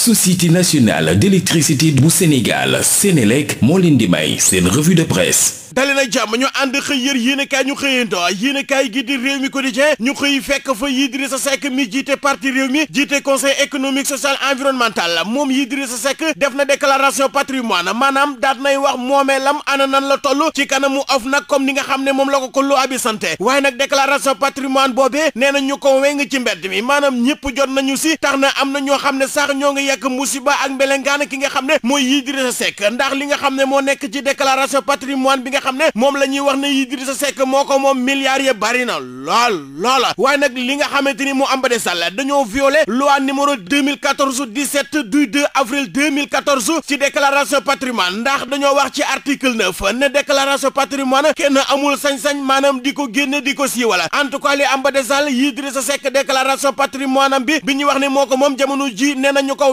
société nationale d'électricité bu Sénégal Sénélec moo leen di may seen revue de presse dali jàmm ñu ànd xëy yër yéenekaay ñu xëyanto yéenekaay gi di réew mi quotidien ñu xëy fekk fa Idrissa Seck mi jiite parti réew mi jiite conseil économique social environnemental moom Idrissa Seck def na déclaration patrimoine maanaam daat nay wax moomeelam ana nan la toll ci kanamu OFNAC comme ni nga xam ne moom la ko ko loo abi santé waaye nag déclaration patrimoine boobee nee na ñu ko maanaam ñëpp jot nañu si tax na ñoo xam ne sax ñoo yak musiba ak mbelengaan ki nga xam ne mooy Idrissa Seck ndax li nga xam ne moo nekk ci déclaration patrimoine bi nga xam ne moom la ñuy wax ne Idrissa Seck moo ko moom milliards ya bari na lool loola waaye nag li nga xamante ni moo am ba de sàll dañoo violé loi avril 2014 ci déclaration ndax dañoo wax ci article 9 ne déclaration patrimoine kenn amul sañ-sañ maanaam di ko génne di ko siiwala en tout cas li am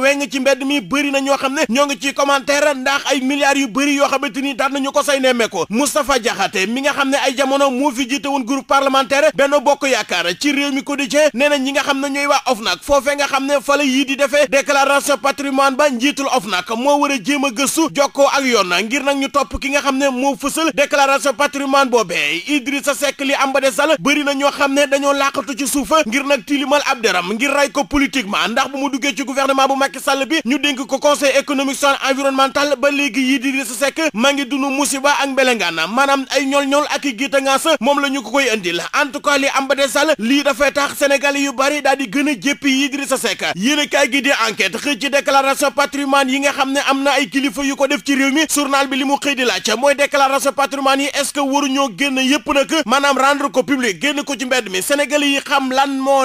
weng ci mbedd mi bëri na ñoo xam ne ñoo ngi ciy commentaire ndax ay milliards yu bëri yoo xamante ni daan nañu ko say nemmeeku Moustapha Diakhaté mi nga xam ne ay jamono moo fi jiite woon groupe parlementaire benn Bokk Yaakaar ci réew mi quotidien nee na ñi nga xam ne ñooy waa OFNAC foofee nga xam ne fa la yii di defee déclaration patrimoine ba njiitul OFNAC moo war a jéem a gëstu jokkoo ak yoon ngir nag ñu topp ki nga xam ne moo fësal déclaration patrimoine boobee Idrissa Seck li am ba desal bëri na ñoo xam ne dañoo làqatu ci suufa ngir nag tilimal Abderam ngir ray ko politiquement ndax bu mu duggee ci gouvernement bu Macky Sall bi ñu dénk ko conseil économique social environnemental ba léegi yii di Idrissa Seck maa ngi dund musiba ak mbelengaana maanaam ay ñool-ñool ak i giita ngaasa moom la ñu ko koy indil en am ba des sall lii dafay tax sénégalais yu bari daal di a jéppi yi Idrissa Seck yéen a kaay gi di enquête xëy ci déclaration yi nga xam ne am na ay kilifa yu ko def ci réew mi journal bi li mu xëy di laaj mooy déclaration patrimoine yi est-ce que waruñoo génn yëpp nag ko public génn ko ci mbedd mi sénégalais yi xam lan moo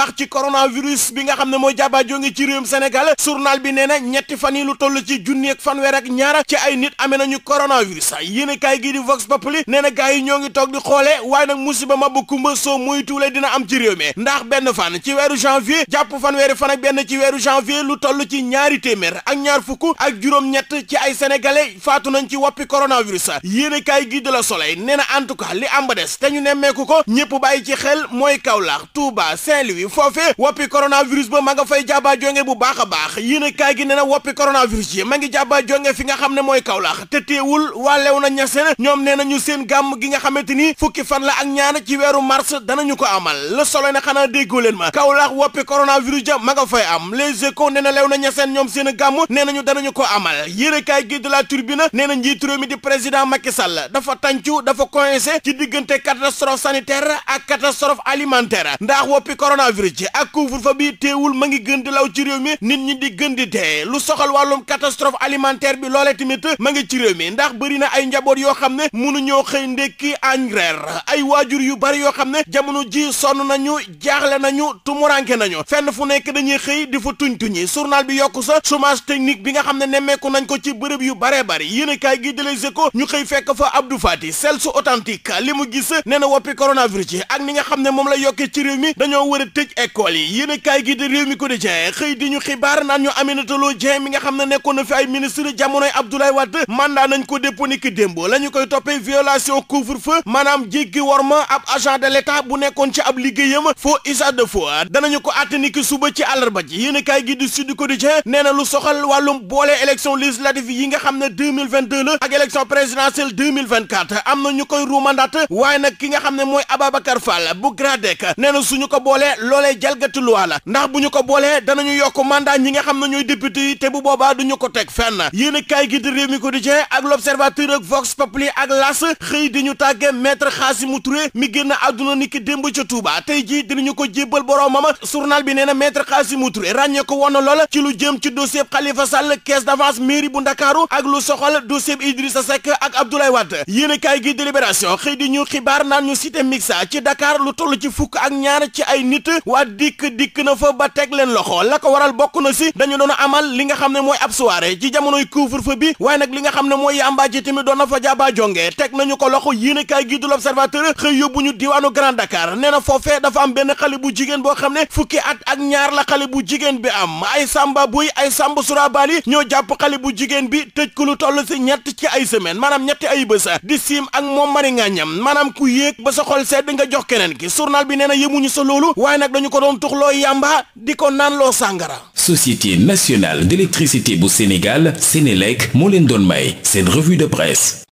a kaay ci coronavirus bi nga xam ne mooy jàbbaajo ngi ci réewum Sénégal journal bi nee na ñetti fan yi lu toll ci junni ak fanweer ak ñaara ci ay nit amee nañu coronavirus yéen a kaay gii di Vox Populi nee na gars yi ñoo ngi toog di xoolee waaye nag musiba ma bu kumba soo muy tuule dina am ci réew mi ndax benn fan ci weeru janvier jàpp fanweeri fan ak benn ci weeru janvier lu toll ci ñaari téeméer ak ñaar fukk ak juróom-ñett ci ay sénégalais faatu nañ ci woppi coronavirus yéen gii de la Soleil nee na en tout cas li am te ñu nemmeeku ko ñëpp bàyyi ci xel mooy Kaolack Touba Saint-Louis foofee woppi coronavirus ba ma nga fay jaaba jonge bu baax a baax yéen a kaay gi nee na woppi coronavirus yi ma ngi jaaba jonge fi nga xam ne mooy Kaolack te teewul waa Léona Niassène ñoom nee nañu seen gàmm gi nga xamante ni fukki fan la ak ñaar ci weeru mars danañu ko amal Le Soleil ne xanaa déggoo leen ma Kaolack woppi coronavirus ja ma nga fay am Les Échos nee na Léona Niassène ñoom seen gàmm nee nañu danañu ko amal yéen a kaay la Tribune nee na njiitu réew mi di président Macky Sall dafa tàncu dafa coincé ci diggante catastrophe sanitaire ak catastrophe alimentaire ndax woppi coronavirus ci ak couvre-feu bi teewul ma ngi gën di law ci réew mi nit ñi di gën di dee lu soxal wàllum catastrophe alimentaire bi loole tamit ma ngi ci réew mi ndax bëri na ay njaboot yoo xam ne mënuñoo xëy ndekki añ reer ay waajur yu bari yoo xam ne jamono ji sonn nañu jaaxle nañu tumuranke nañu fenn fu nekk dañuy xëy di fa tuñ tuñi journal bi yokku sa chômage technique bi nga xam ne nemmeeku nañ ko ci bërëb yu baree bari yéen kaay gi de Les Échos ñu xëy fekk fa ab Fati sel su li mu gis nee na woppi coronavirus yi ak ni nga xam ne moom la yokkee ci réew mi dañoo war a tëj école yi yéen a kaay gi di réew mi ko di jen xëy di ñu xibaar naan ñu Aminata Lô Dieng mi nga xam ne nekkoon na fi ay ministre jamonoy Abdoulaye Wade mandat nañ ko dépponi ki démb la ñu koy toppee violation couvre-feu maanaam jéggi war ma ab agent de l'État bu nekkoon ci ab liggéeyam faux usage de faux danañu ko àtte ni ki suba ci àllarba ji yéen a kaay gi di Sud nee na lu soxal wàllum boole élection législative yi nga xam ne 2022 la ak élection présidentielle 2024 ki nga xam ne mooy Ababacar Fall ko boole loolee loolee jalgati luwaa la ndax bu ñu ko boolee danañu yokk mandat ñi nga xam na ñuy député te bu boobaa du ñu ko teg fen yéen a kaay gi di réew mi quotidien ak l'observateur ak vox populi ak las xëy di ñu tàgge maître Khassimou Touré mi génn àdduna ni ki démb ci Touba tey jii dinañu ko jébbal boroomam surnal bi nee na maître Khassimou Touré ràññee ko woon na lool ci lu jëm ci dossier Khalifa Sall caisse d'avance bu Ndakaaru ak lu soxal dossier Idrissa sa ak Abdoulaye Wade yéen a kaay gi délibération xëy di ñu xibaar naan ñu cité mixa ci Dakar lu toll ci fukk ak ñaar ci ay nit waa dikk dikk na fa ba teg leen loxo la ko waral bokk na si dañu doon amal li nga xam ne mooy ab soirée ci jamonoy couvre-feu bi waaye nag li nga xam ne mooy yàmbaa ji tamit doon na fa jaaba jonge teg nañu ko loxo yéene kaay gi du l'observateur xëy yóbbu ñu diwaanu Grand Dakar nee na foofe dafa am benn xale bu jigéen boo xam ne fukki at ak ñaar la xale bu jigéen bi am ay samba buy ay samba surabaali ñoo jàpp xale bu jigéen bi tëj ko lu toll si ñett ci ay semaine maanaam ñetti ay bés di siim ak moom mari ngañam maanaam ku yéeg ba sa xol sedd nga jox keneen ki journal bi nee na yëmuñu sa loolu ñu ko doon tuxloo yàmba di ko naan loo sàngara société nationale d'électricité bu Sénégal Sénélec moo leen doon may seen revue de presse